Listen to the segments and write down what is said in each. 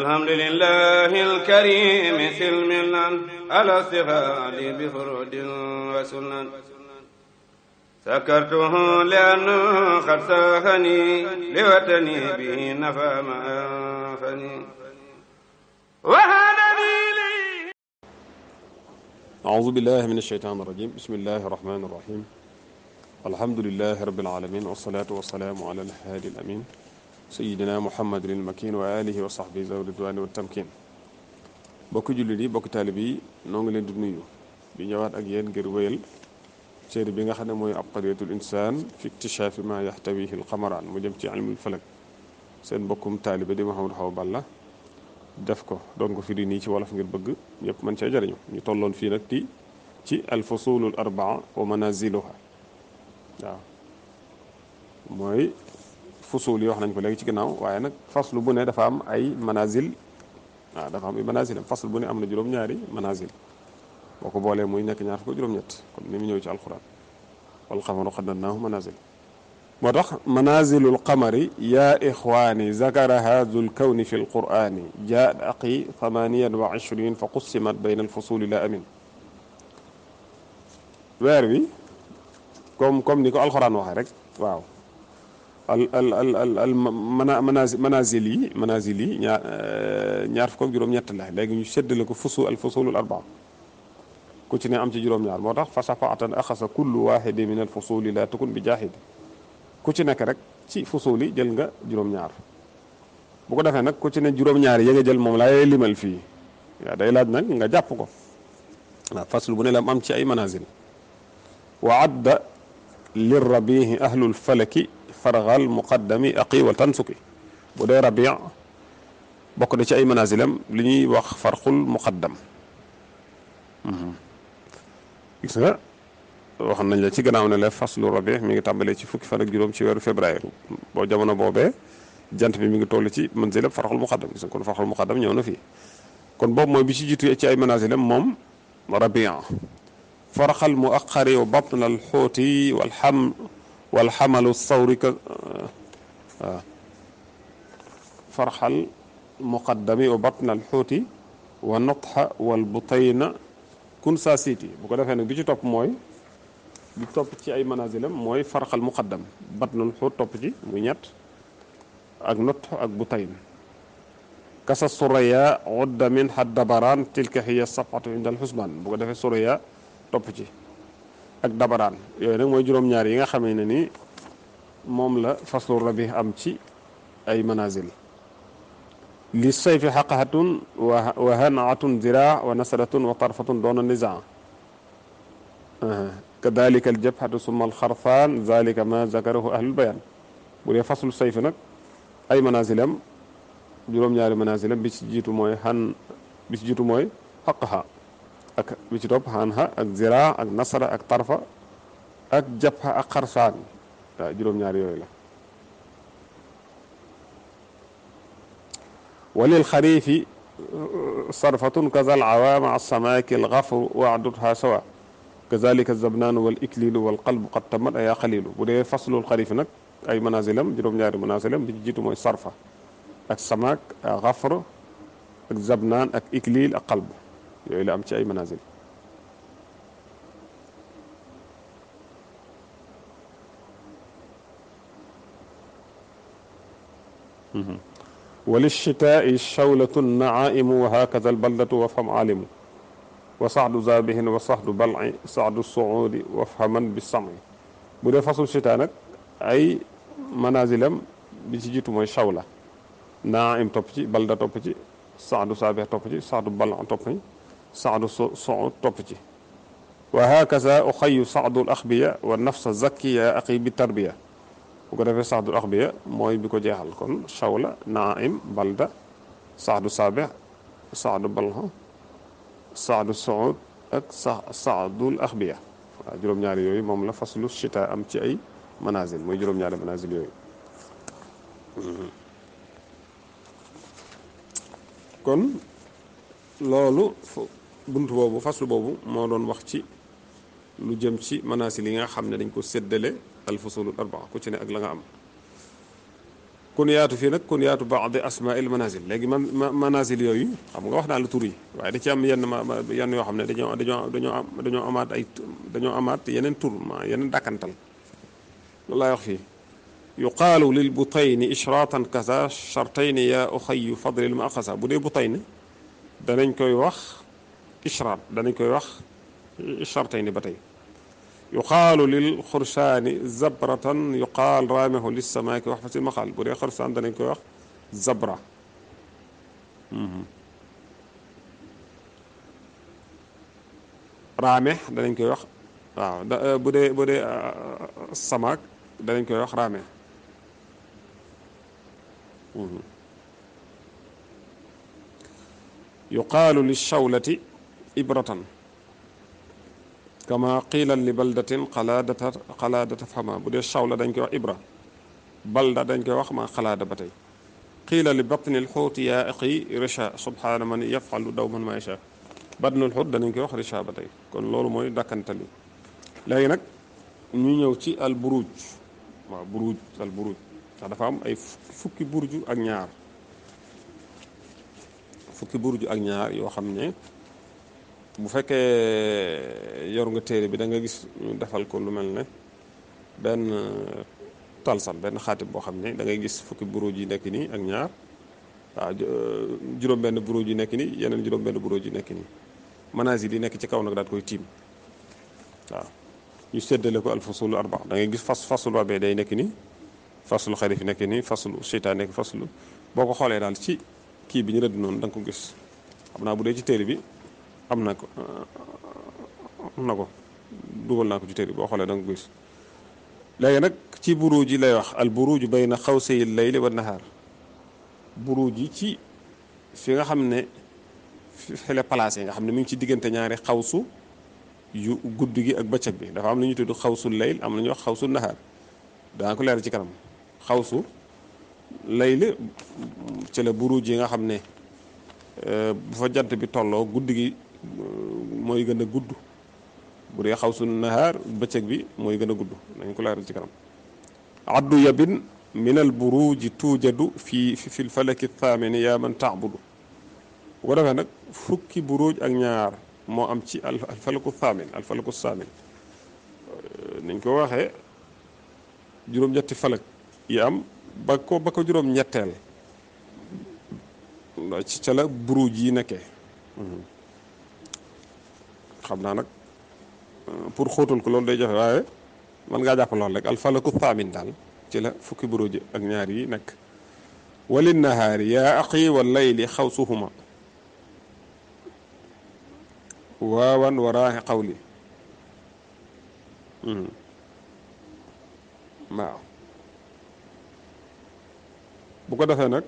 الحمد لله الكريم سلمنا على استغال بفرود وسنن سكرته لأنه قد ساخني لوطني به نفى ما أنفني وهذا لي أعوذ بالله من الشيطان الرجيم بسم الله الرحمن الرحيم الحمد لله رب العالمين والصلاة والسلام على الهادي الأمين sayidina muhammadin il makin wa alihi wa sahbi zaw ridwani wa tamkin bokki jullit yi bokki taalib yi noo ngi leen di nuyu di ñëwaat ak yéen ngir wéyal téere bi nga xam ne mooy abqariyatul insaan fi iktishafi ma yaxtawihi al xamaraan mu jëm ci ilmul falak seen mbokkum taalibe di Mouhamadou Awa Balla def ko doon ko firi nii ci wolof ngir bëgg ñëpp mën cee jariñu ñu tolloon fii nag di ci al fusulul arbaa wa manaziluha waaw mooy fusuul yi wax nañ ko léegi ci ginnaaw waaye nag faslu bu ne dafa am ay manazil waaw dafa am ay manazil am faslu bu ne am na juróom-ñaari manazil boo ko boolee muy nekk ñaar fukk juróom-ñett kon ni mu ñëw ci alquran wal qamaru qaddarnaahu manazil moo tax manazilul qamari yaa ixwaani zakara haazul kawni fi lqurani jaat aqi thamaniyan wa ishrin fa qussimat bayna alfusuli la amin weer wi comme comme ni ko alxuraan waxee rek waaw al al al al al mana manazil yi manazil yi ñaar euh, ñaar fukk ak juróom-ñett la léegi ñu séddale ko fusu al fusulul arbaa ku ci ne am ci juróom-ñaar moo tax fa safaatan axasa kullu waahidi min al fusuli la tukun bi jaahid ku ci nekk rek ci fusuli jël nga juróom-ñaar bu ko defee nag ku ci ne juróom-ñaar yi nga jël moom laay limal fii waaw day laaj nag nga jàpp ko waaw faslu bu ne la am ci ay manazil wa adda lirabihi ahlul falaki faraxal muqaddami aqi wal tansuki bu dee rabian bokk na ci ay manasilam li ñuy wax farxul muqaddam mhm. gis nga wax nañ la ci gannaaw ne la faslu rabi mi ngi tàmbalee ci fukki fan ak juróom ci weeru février boo jamono boobee jant bi mi ngi toll ci manzilab farxul muqaddam gis nga kon farxul muqaddam ñëw na fii kon boobu mooy bi ci jiitu ay manasilam moom rabian faraxal mu aqari wa batnal xóoti wal xam wal xamalu sawri ka waaw farxal muqaddami wa batnal xuuti wa notxa wal butayna kun saa siiti bu ko defee nag bi ci topp mooy bi topp ci ay manazilam mooy farxal muqaddam batnal xuut topp ci muy ñett ak notx ak butayn kasa suraya udda min xaddabaraan tilka hiya safatu indal xusmaan bu ko defee suraya topp ci ak dabaraan yooyu nag mooy juróom-ñaar yi nga xamee ne ni moom la faslu rabi am ci ay manazil li sayfi xaqahatun wa hanaatun ziraa wa nasratun wa tarfatun doona nizaa kadalika aljabhatu summa alxarfaan zalika ma zakarahu ahlul bayaan bu dee faslu sayfi nag ay manazilam juróom-ñaari manazilam bi ci jiitu mooy xan bi ci jiitu mooy xaqaha ak bi ci topp xanha ak ziraa ak nasara ak tarfa ak jabha ak xarsaan waaw juróom-ñaar yooyu la walil xariifi sarfatun kazal awaama alsamaaki alxafru waadutha sawa kazalika zabnaanu wal iklilu wal qalbu qad tamat ayaa xalilu bu dee faslul xariifi nag ay manasilam juróom-ñaari manasilam bi ci jiitu mooy sarfa ak samaak ak xafr ak zabnaan ak iklil ak qalbu yooyu la am ci ay manazil وللشتاء شولة نعائم وهكذا البلدة وفهم عالم وصعد زابه وصعد بلع صعد الصعود وفهما بالسمع bu dee fasul shita nag ay manazilam bi ci jiitu mooy shawla naim topp ci balda topp ci saadu saabih topp ci saadu balan topp ci saadu suud topp ci wa hakaza uxayu saadul axbiya wa nafsa zakkiya aqi bi tarbiya bu ko defee saadul axbiya mooy bi ko jeexal kon shawla naim balda saadu saabe saadu balha saadu suud ak saadul axbiya waaw juróom-ñaari yooyu moom la faslu chita am ci ay manazil mooy juróom-ñaari manazil yooyu bunt boobu faslu boobu moo doon wax ci lu jëm ci manaasil yi nga xam ne dañ ko séddale alfusulul arbaa ku ci ne ak la nga am kuniyaatu fii nag kuniyaatu baadi asmail manaasil léegi man manaasil yooyu xam nga wax naa la tur waaye da ci am yenn yenn yoo xam ne dañoo dañoo dañoo am dañoo amaat ay dañoo amaat yeneen tur ma yeneen dàkkantal loolu laay wax fii yuqaalu lil butayni ishraatan kaza shartayni yaa oxayu fadlil maqasa bu dee butayni danañ koy wax ishraat danañ koy wax shartayni ba tey yuqaalu lil xursaani zabratan yuqaal raamehu lis samaaki wax fa si maxaal bu dee xursaan danañ koy wax zabra mhm. raame danañ koy wax waaw euh, bu dee bu dee euh, samaak danañ koy wax raame mhm. yuqaalu lil shawlati ibratan kama qiila li baldatin xalaadata fama bu dee shawla dañ koy wax ibra balda dañ koy wax ma xalaada ba tey qiila li batnil xuuti yaa iqi richa subhaana ma yafalu daw man ma yacha batnul xuut danañ koy wax richa ba tey kon loolu mooy dakkantali léegi nag ñu ñëw ci al buruj waaw am ay fukki burju ak ñaar fukki burju ak ñaar yoo xam ne bu fekkee yor nga téere bi da nga gis defal ko lu mel ne benn talsam benn xaatim boo xam ne da ngay gis fukki buruuj ji nekk nii ak ñaar waaw euh, juróom-benn buruuj yi nekk nii yeneen juróom-benn buruuj nekk nii manaas yi nekk ci kaw nag daal koy tiim waaw ñu séddale ko alfasulu arba da ngay gis fas fasul rabee day nekk nii fasul xarif nekk nii fasul seytaan nekk fasulu boo ko xoolee daal ci kii bi ñu rëdd noonu danga ko gis xam naa bu dee ci téere bi am na ko am na ko dugal naa ko ci téere boo xoolee da nga gis léegi nag ci buruuj yi lay wax al buruuj bayna xawsayi layli wa nahaar buruuj yi ci fi nga xam ne fele place yi nga xam ne mu ngi ci diggante ñaari xawsu yu guddi gi ak bëccëg bi dafa am lu ñu tudd xawsu layl am na ñu wax xawsu nahaar danaa ko leer ci kanam xawsu layl ci la buruuj yi nga xam ne euh, bu fa jant bi tolloo guddi gi mooy gën a gudd bu dee xaw sunu nahaar bëccëg bi mooy gën a gudd nañ ko leeral ci kanam addu yabin min al buruji tuujadu fii fi lfalaki thamini yaa man taabudu bu ko defee nag fukki buruj ak ñaar moo am ci alfalaku thamin alfalaku saamin niñ ko waxee juróom-ñetti falak yi am ba ko ba ko juróom-ñetteel ci ca buruj yi nekkee xam naa nag euh, pour xóotal ko loolu day jafe waaye mën ngaa jàpp loolu rek alfalaku thaamin daal ci la fukki buruj ak ñaar yi nekk walin nahaari yaa aqi wa xaw xawsuhuma waawan waraaxi xawli hmm. waaw bu ko defee nag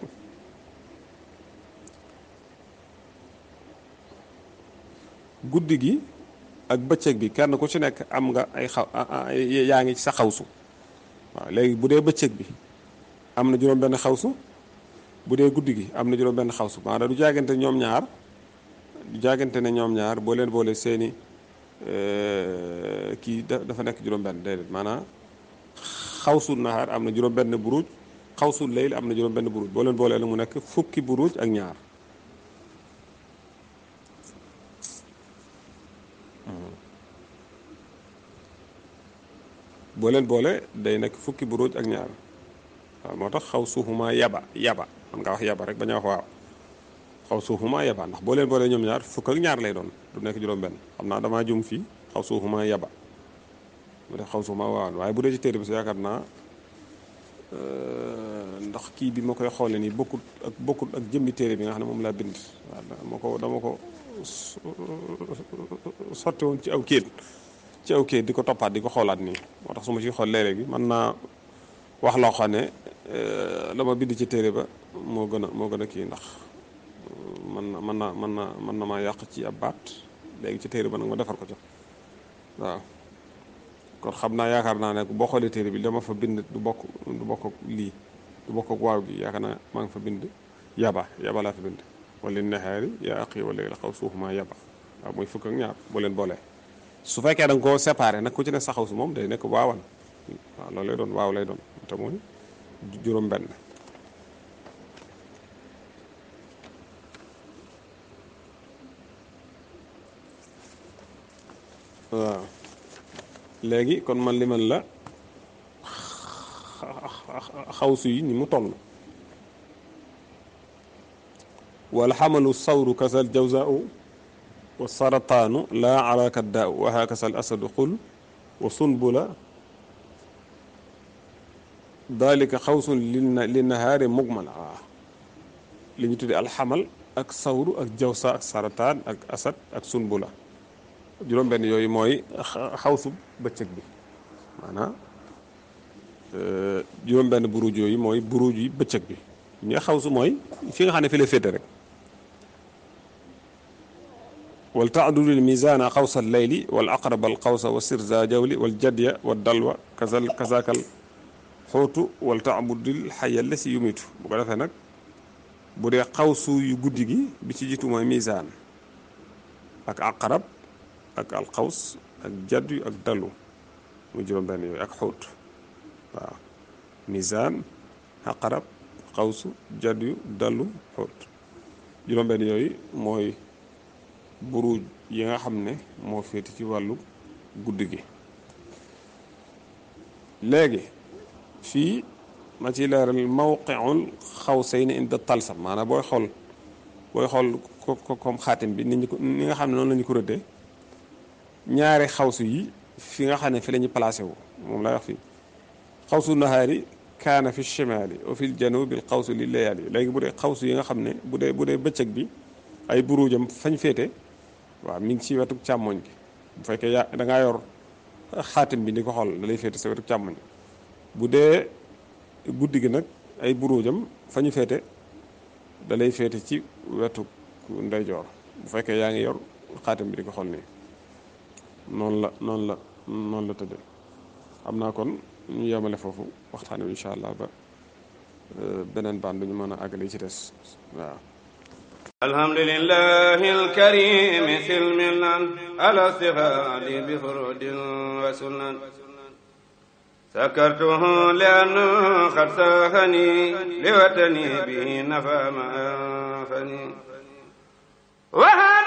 guddi gi ak bëccëg bi kenn ku ci nekk am nga ay xaw yaa ngi ci sa xawsu waaw léegi bu dee bëccëg bi am na juróom benn xawsu bu dee guddi gi am na juróom benn xawsu maanaam du jaagante ñoom ñaar du jaagante ne ñoom ñaar boo leen boole seeni euh, kii dafa nekk juróom benn déedéet maanaam xawsu nahaar am na juróom benn buruuj xawsu layl am na juróom benn buruuj boo leen boolee la mu nekk fukki buruuj ak ñaar boo leen boole day nekk fukki buruuj ak ñaar moo tax xaw suufumaa yaba yaba man nga wax yaba rek bañ a wax waaw xaw suufumaa yaba ndax boo leen boole ñoom ñaar fukk ak ñaar lay doon du nekk juróom-benn xam naa damaa jum fii xaw suufumaa yaba mu def xaw suufumaa waaye bu dee ci téere bi si yaakaar naa ndax kii bi ma koy xoolee nii bokkut ak bokkut ak jëmmi téere bi nga xam ne moom laa bind waaw dama ko dama ko sotti woon ci aw kéet ci aw kayit di ko toppaat di ko xoolaat nii moo tax su ma ciy xool léeg-léegi mën naa wax loo xam ne euh, la ma bind ci téere ba moo gën a moo gën a kii ndax euh, mën na mën na mën na mën na maa yàq ci ab baat léegi ci téere ba nag ma defar ko ca waaw kon xam naa yaakaar naa ne boo xoolee téere bi dama fa bind du bokk du bokk ak lii du bokk ak waaw gi yaakaar naa maa ngi fa bind yaba yaba laa fa bind wala nahaari yaa aqi wala xaw suuxumaa yaba waaw muy fukk ak ñaar boo leen boolee su fekkee da nga koo séparé nag ku ci ne saxaw su moom day nekk waawan waaw loolu lay doon waaw lay doon te mooy juróom-benn. waaw léegi kon man li man la xawsu yi ni mu toll wal xamalu sawru kasal jawzaa wa sarataanu laa araaka daa wa hakasa al asadu xul wa sunbula dalika xawsun li nahaari mugmal li ñu tuddee alxamal ak sawru ak jawsa ak sarataan ak asad ak sunbula juróom-benn yooyu mooy xawsu bëccëg bi maanaam euh, juróom-benn buruj yooyu mooy buruj yi bëccëg bi ñu xawsu mooy fi nga xam ne fi la rek wal taadudil misana xawsa leyli wal aqrabal xawsa wa sirza jawli wal jadya wa dalwa kasal kasakal xóotu wal taabudil xayalla si yumitu bu ko defee nag bu dee xawsu yu guddi gi bi ci jiitu mooy misaan ak aqrab ak alxaws ak jaddu ak dalu mu juróom benn yooyu ak xóot waaw aqrab xawsu jaddu dalu xóot buruuj yi nga xam ne moo féete ci wàllu guddi gi léegi fii ma ci leeral mawqiul xaw say ni inda talsam maanaam booy xool booy xool ko comme xaatim bi ni ko ni nga xam ne noonu lañu ko rëddee ñaari xaw xawsu yi fi nga xam ne fi la ñu placé wu moom lay wax fii xawsu nahaari kaana fi shimaali wa fi janubi xaw xawsu li layaali léegi bu dee xaw xawsu yi nga xam ne bu dee bu dee bëccëg bi ay buruujam fañ féete waaw mi ngi ci wetu càmmoñ gi bu fekkee yaa da yor xaatim bi ni ko xool dalay lay féete sa wetu càmmoñ bu dee guddi gi nag ay buruujam fa ñu féete da féete ci wetu ndeyjoor bu fekkee yaa ngi yor xaatam bi di ko xool nii noonu la noonu la noonu la tëddee am naa kon ñu yemale foofu waxtaane incha allah ba euh, beneen baan du ñu mën a àggale ci des waaw alhamdulillahi alkarimi silmilan alastifaad bi furudin wa sunan sakartuhu liannu qad sahani liwatani bihi nafa ma anfani